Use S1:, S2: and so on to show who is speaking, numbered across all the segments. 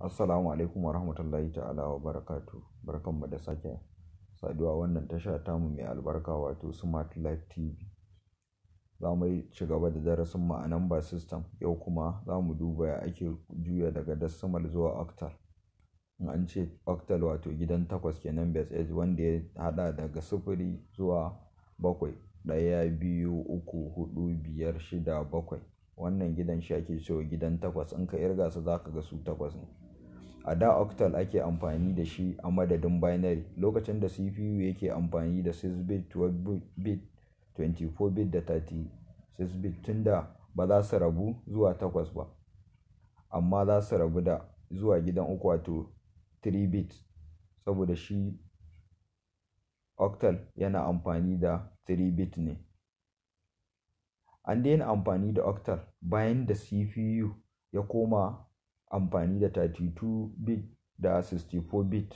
S1: Assalamu alaikum wa rahmatullahi ta'ala wa barakatu. barkan mu da sake saduwa wannan tasha ta mu mai albarka wato Smart Life TV. Za mu yi ci gaba da darasin mu a number system yau kuma za mu duba ya ake juya daga decimal zuwa octal. In an ce octal wato gidan takwas kenan base edge wanda ya hada daga sufuri zuwa bakwai daya, biyu uku hudu biyar shida bakwai wannan gidan shi ake cewa gidan takwas in ka irga su zaka ga su takwas ne a da octal ake amfani da shi a madadin binary lokacin da cpu yake amfani da 6-bit 12-bit 24-bit da 36-bit tunda ba za su rabu zuwa 8 ba amma za su rabu da zuwa gidan uku wato 3-bit saboda shi octal yana amfani da 3-bit ne an daina amfani da octal bayan da cpu ya koma amfani da 32 bit da 64 bit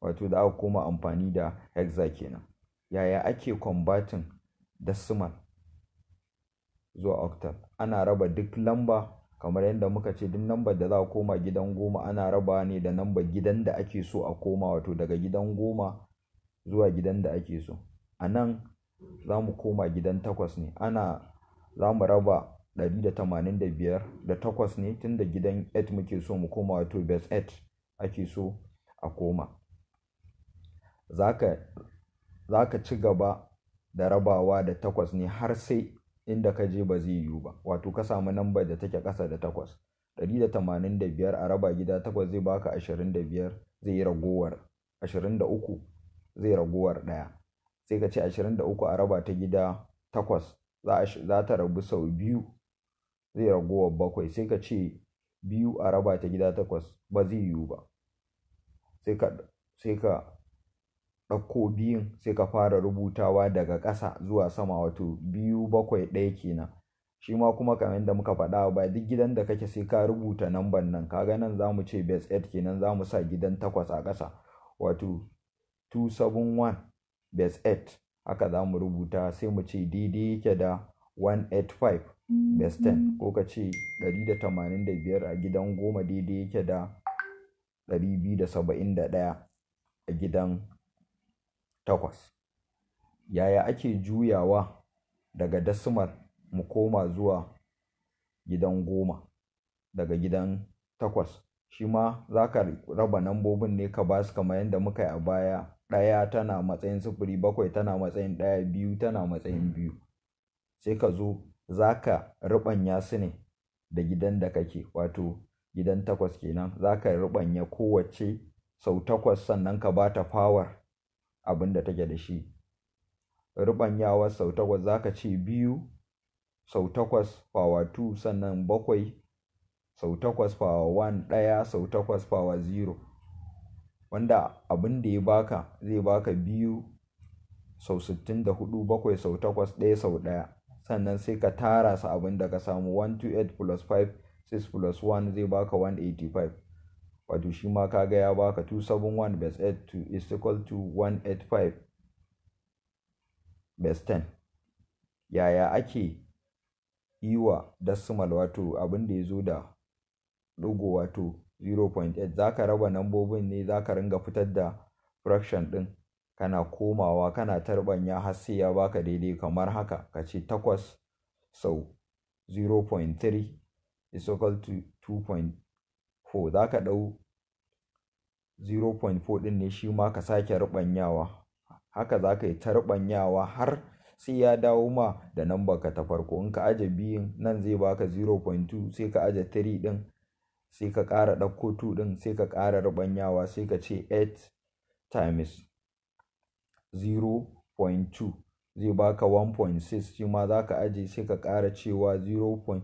S1: wato da aka koma amfani da hexa kenan yaya ake combating decimal zuwa octal ana raba duk lamba kamar yadda muka ce duk lamba da za a koma gidan goma ana raba ne da lambar gidan da ake so a koma wato daga gidan goma zuwa gidan da ake so a nan za mu koma gidan takwas ne ana za mu raba da takwas ne tun da gidan 8 muke so mu koma wato base 8 ake so a koma za ka ci gaba da rabawa da takwas ne har sai inda ka je ba zai yiwu ba wato ka samu namba da take ƙasa da takwas 185 a raba gida takwas zai baka 25 zai yi ragowar 23 zai ragowar ɗaya sai ka ce 23 a raba ta gida takwas za ta rabu sau biyu zai ragowar bakwai sai ka ce biyu a raba ta gida takwas ba zai yiwu ba sai ka ɗauko biyun sai ka fara rubutawa daga ƙasa zuwa sama wato biyu bakwai ɗaya kenan shi ma kuma kamar da muka faɗa ba duk gidan da kake sai ka rubuta namban nan kaga nan za mu ce base 8 kenan za mu sa gidan takwas a ƙasa wato 271 base 8 haka za mu rubuta sai mu ce daidai yake da 185 mm-hmm. best 10 ko ka ce 185 a gidan goma daidai yake da 271 a gidan takwas yaya ake juyawa daga dasimar mu koma zuwa gidan goma daga gidan takwas shi ma za ka raba nambobin ne ka ba basu kamar yadda muka yi a baya ɗaya tana matsayin sufuri, bakwai tana matsayin ɗaya biyu tana matsayin biyu sai ka zo za ka ruɓanya su ne da gidan da kake wato gidan takwas kenan za ka ruɓanya kowace sau takwas sannan ka ba ta fawar abin da take da shi wasu sau takwas za ka ce biyu sau takwas fawa 2 sannan bakwai sau takwas fawa 1 ɗaya sau takwas fawa 0 wanda abin da ya baka zai baka biyu sau hudu bakwai sau takwas ɗaya sau ɗaya sannan sai ka tara su abin da ka samu 128 plus 5 6 plus 1 zai baka 185 wato shi ma ka ya baka 271 base 8 to is equal to 185 base 10 yaya ake yi wa decimal wato abin da ya zo da logo wato 0.8 za ka raba nambobin ne za ka ringa fitar da fraction din. kana komawa kana tarbanya har sai ya baka daidai kamar haka ka ce takwas sau 0.3 is equal to 2.4 za ka dau 0.4 din ne shi ma ka sake rubanyawa haka za ka yi ta har sai ya dawo ma da namba ka ta farko in ka aje biyun nan zai baka 0.2 sai ka aje 3 din sai ka kara dauko 2 din sai ka kara rubanyawa sai ka ce 8 times 0.2 zai baka 1.6 shi ma za ka aje sai ka kara cewa 0.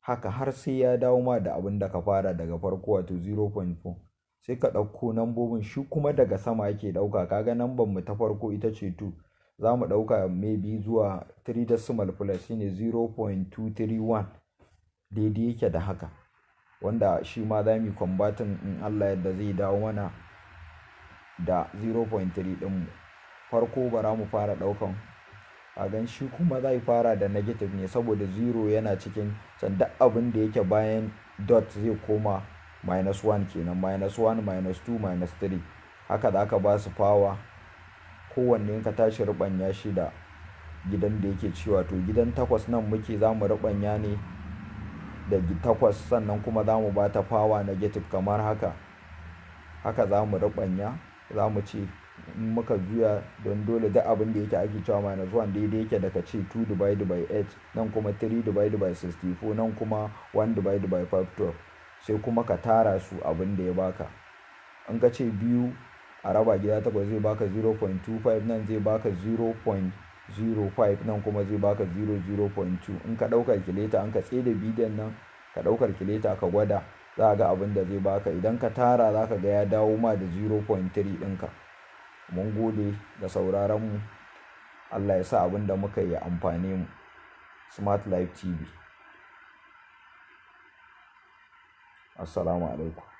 S1: haka har sai ya dawo ma da abin da ka fara daga farko wato 0.4 sai ka ɗauko nambobin shi kuma daga sama yake ɗauka kaga namban mu ta farko ita ce 2 za mu ɗauka maybe zuwa 3 decimal plus shine 0.231 daidai yake da haka wanda shi ma za mu yi in Allah yadda zai dawo mana da 0.3 ɗinmu. farko bara mu fara ɗaukan gan shi kuma zai fara da negative ne saboda 0 yana cikin can duk abin da yake bayan dot zai koma minus 1 kenan minus 1 minus 2 minus 3 haka za ka ba su fawa kowanne ka tashi rubanya shi da gidan da yake ci wato gidan takwas nan muke za mu rubanya ne da takwas sannan kuma za mu ba ta fawa negative kamar haka haka za mu rubanya za mu ce in muka juya don dole da abin da yake ake cewa minus 1 daidai yake da ka ce 2 divided by 8 nan kuma 3 divided by 64 nan kuma 1 divided by 512 sai kuma ka tara su abin da ya baka in ka ce biyu a raba gida takwas zai baka 0.25 nan zai baka 0.05 nan kuma zai baka 00.2 in ka ɗaukar kileta an ka tsede bidiyon nan ka ɗaukar kileta ka gwada za ga abin da zai baka idan ka tara za ka ga ya dawo ma da 0.3 ɗinka. mun gode da sauraronmu Allah ya sa abin da muka yi amfani mu Smart Life TV Assalamu alaikum